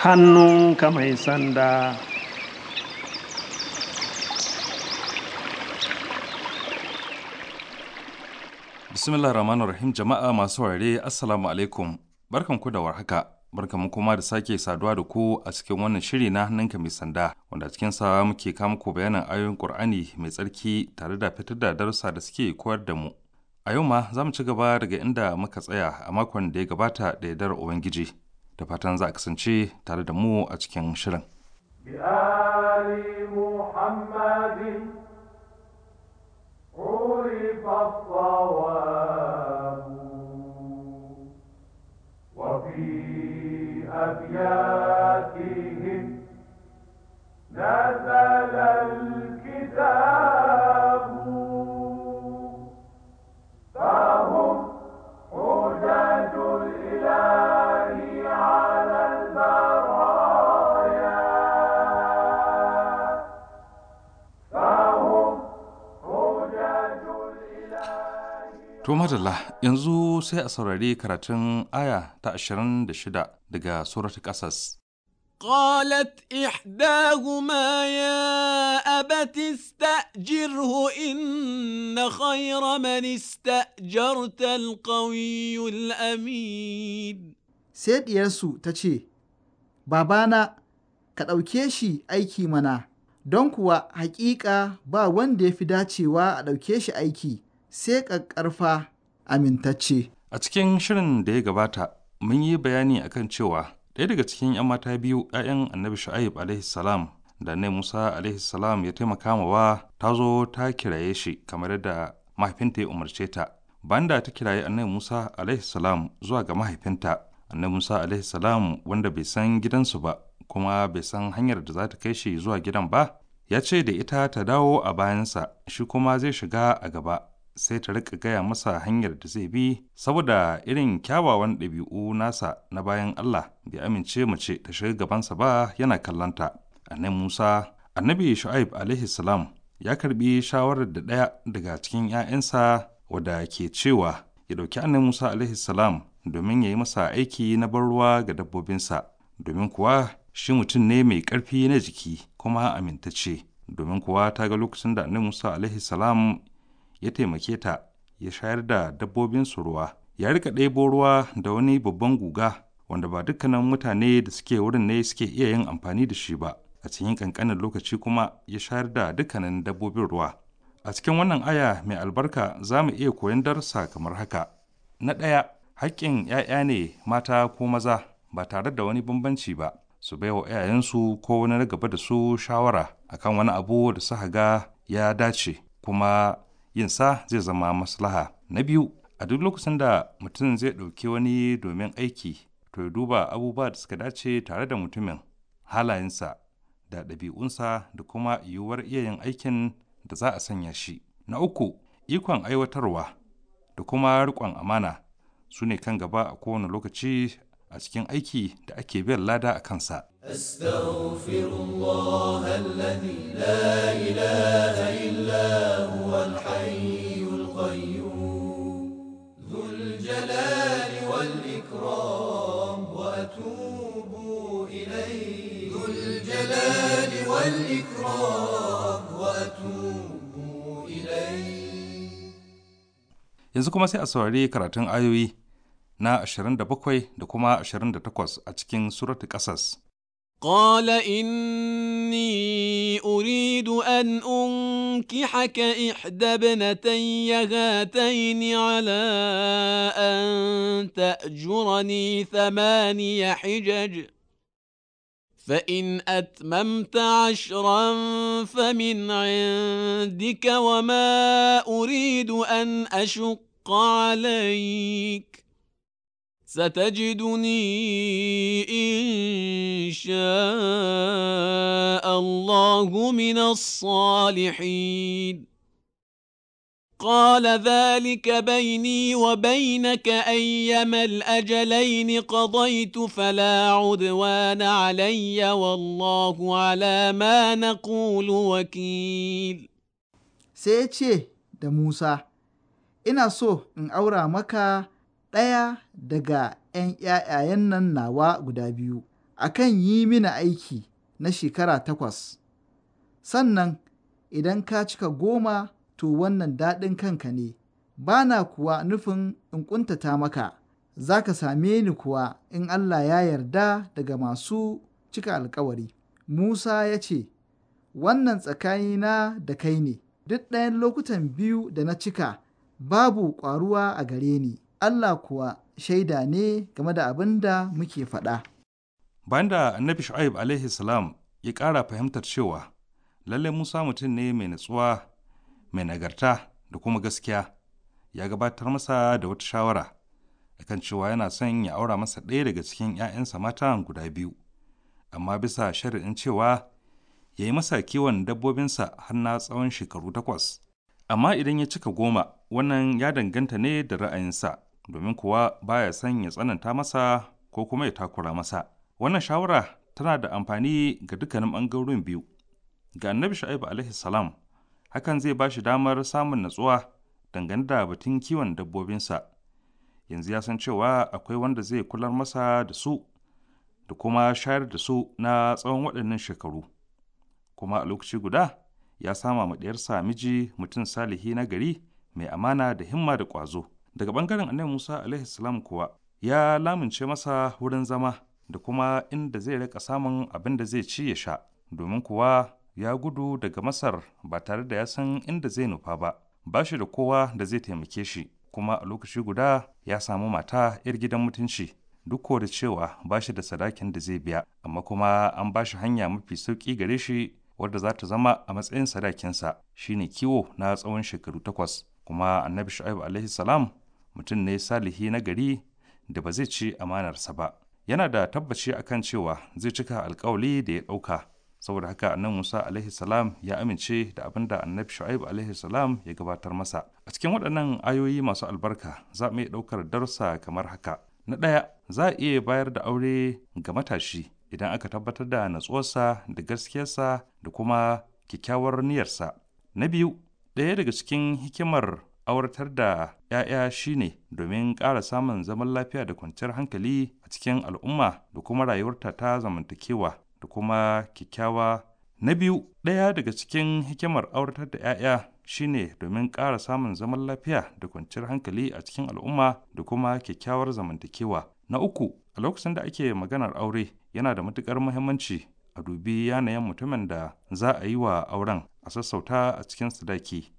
hannunka mai sanda bismillah rahmanir rahim jama'a masu ware assalamu alaikum barkanku da warhaka barkanmu kuma da sake saduwa da ku a cikin wannan shiri na hannunka mai sanda wanda cikin sa muke kama muku bayanin ayoyin qur'ani mai tsarki tare da fitar da darussa da suke koyar da mu a yau ma za mu ci gaba daga inda muka tsaya a makon da ya gabata da yardar ubangiji da fatan za a kasance tare da mu a cikin shirin. أبياتهم نزل To madalla yanzu sai a saurari karatun aya ta ashirin da shida daga suratu ƙasas. Ƙalat ihda guma ya abatis in na khayra manista jartal ƙawiyul amin. Sai ɗiyarsu ta ce, Babana, ka ɗauke shi aiki mana, don kuwa haƙiƙa ba wanda ya fi dacewa a ɗauke shi aiki.’ sai ƙaƙƙarfa amintacce. A cikin shirin da ya gabata, mun yi bayani akan cewa ɗaya daga cikin 'yan mata biyu 'ya'yan annabi Shu'aib alaihi salam da ne Musa alaihi salam ya taimaka wa ta zo ta kiraye shi kamar yadda mahaifinta ya umarce ta. Banda ta kiraye annabi Musa alaihi salam zuwa ga mahaifinta, annabi Musa alaihi salam wanda bai san gidansu ba kuma bai san hanyar da za ta kai shi zuwa gidan ba, ya ce da ita ta dawo a bayansa shi kuma zai shiga a gaba sai ta rika gaya masa hanyar da zai bi saboda irin kyawawan ɗabi'u nasa na bayan Allah bai amince mace ta shiga gabansa ba yana kallanta annabi Musa annabi Shu'aib alaihi salam ya karbi shawarar da ɗaya daga cikin 'ya'yansa wadda ke cewa ya ɗauki annabi Musa alaihi salam domin ya yi masa aiki na ban ruwa ga dabbobinsa domin kuwa shi mutum ne mai ƙarfi na jiki kuma amintacce domin kuwa ta ga lokacin da annabi Musa alaihi salam ya taimake ta ya shayar da dabbobinsu ruwa ya rika ɗebo ruwa da wani babban guga wanda ba dukkanin mutane da suke wurin ne suke iya yin amfani da shi ba a cikin ƙanƙanin lokaci kuma ya shayar da dukkanin dabbobin ruwa a cikin wannan aya mai albarka za mu iya koyon darsa kamar haka na ɗaya haƙƙin 'ya'ya ne mata ko maza ba tare da wani bambanci ba su bai wa 'ya'yansu ko wani na gaba da su shawara akan wani abu da suka ga ya dace kuma yin sa zai zama maslaha na biyu a duk lokacin da mutum zai ɗauki wani domin aiki to ya duba abubuwa da suka dace tare da mutumin halayensa da ɗabi'unsa da kuma yiwuwar iya yin aikin da za a sanya shi na uku ikon aiwatarwa da kuma riƙon amana su ne kan gaba a kowane lokaci a cikin aiki da ake biyan lada a kansa أستغفر الله الذي لا إله إلا هو الحي القيوم ذو الجلال والإكرام وأتوب إليه ذو الجلال والإكرام وأتوب إليه yanzu kuma sai a saurari karatun ayoyi na 27 da kuma 28 a cikin suratul ƙasas. قال إني أريد أن أنكحك إحدى ابنتي هاتين على أن تأجرني ثماني حجج فإن أتممت عشرا فمن عندك وما أريد أن أشق عليك ستجدني إن شاء الله من الصالحين قال ذلك بيني وبينك أيما الأجلين قضيت فلا عدوان علي والله على ما نقول وكيل سيتشي دموسا إن ina إن أورا مكا ɗaya daga 'yan ‘ya'yayen nan nawa guda biyu a kan yi mini aiki na shekara takwas, sannan idan ka cika goma to wannan daɗin kanka ne, ba na kuwa nufin in ƙuntata maka, za ka same ni kuwa in Allah ya yarda daga masu cika alkawari. Musa ya ce, Wannan tsakanina da kai ne, duk ɗayan lokutan biyu da na cika babu ƙwaruwa a gare ni. Allah kuwa shaida ne game da abin da muke faɗa. Bayan da annabi Shu'aib alaihi salam ya ƙara fahimtar cewa lallai Musa mutum ne mai natsuwa, mai nagarta da kuma gaskiya, ya gabatar masa da wata shawara kan cewa yana son ya aura masa ɗaya daga cikin ‘ya'yansa mata guda biyu, amma bisa shari'in cewa ya yi masa kiwon dabbobinsa har na tsawon shekaru takwas. Amma idan ya cika goma, wannan ya danganta ne da ra'ayinsa. domin kuwa baya san ya tsananta masa ko kuma ya takura masa wannan shawara tana da amfani ga dukkanin ɓangarorin biyu ga annabi shu'aibu alaihi salam hakan zai ba shi damar samun natsuwa dangane da batun kiwon dabbobinsa yanzu ya san cewa akwai wanda zai kular masa da su da kuma shayar da su na tsawon waɗannan shekaru kuma a lokaci guda ya sama ma miji mutum salihi na gari mai amana da himma da ƙwazo daga ɓangaren annabi musa alaihi salam kuwa ya lamince masa wurin zama da kuma inda zai rika samun abin da zai ci ya sha domin kuwa ya gudu daga masar ba tare da ya san inda zai nufa ba ba shi da kowa da zai taimake shi kuma a lokaci guda ya samu mata 'yar gidan mutunci duk da cewa ba shi da sadakin da zai biya amma kuma an ba shi hanya mafi sauƙi gare shi wadda za ta zama a matsayin sadakinsa shine kiwo na tsawon shekaru takwas kuma annabi shu'aib alaihi salam mutum ne salihi na gari da ba zai ci amanarsa ba yana da tabbaci a kan cewa zai cika alkawali da ya ɗauka saboda haka annan Musa alaihi salam ya amince da abin da annabi Shu'aib alaihi salam ya gabatar masa a cikin waɗannan ayoyi masu albarka za mu iya ɗaukar darsa kamar haka na ɗaya za a iya bayar da aure ga matashi idan aka tabbatar da natsuwarsa da gaskiyarsa da kuma kyakkyawar niyyarsa na biyu ɗaya daga cikin hikimar auratar da 'ya'ya shine domin ƙara samun zaman lafiya da kwanciyar hankali a cikin al'umma da kuma rayuwarta ta zamantakewa da kuma kyakkyawa na biyu ɗaya daga cikin hikimar auratar da 'ya'ya shine domin ƙara samun zaman lafiya da kwanciyar hankali a cikin al'umma da kuma kyakkyawar zamantakewa na uku a lokacin da ake maganar aure yana da matuƙar muhimmanci a dubi yanayin mutumin da za a yi wa auren a sassauta a cikin sadaki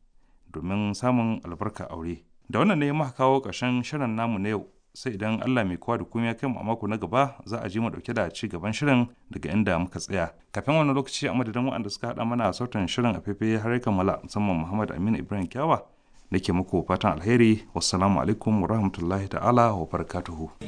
domin samun albarka aure da wannan ne muka kawo ƙarshen shirin namu na yau sai idan Allah mai kowa da kuma ya kai mu a mako na gaba za a ji mu ɗauke da ci gaban shirin daga inda muka tsaya kafin wani lokaci a madadin waɗanda suka haɗa mana sautin shirin a fefe har kammala musamman Muhammad Aminu Ibrahim Kyawa nake muku fatan alheri wassalamu alaikum wa rahmatullahi ta'ala wa barakatuhu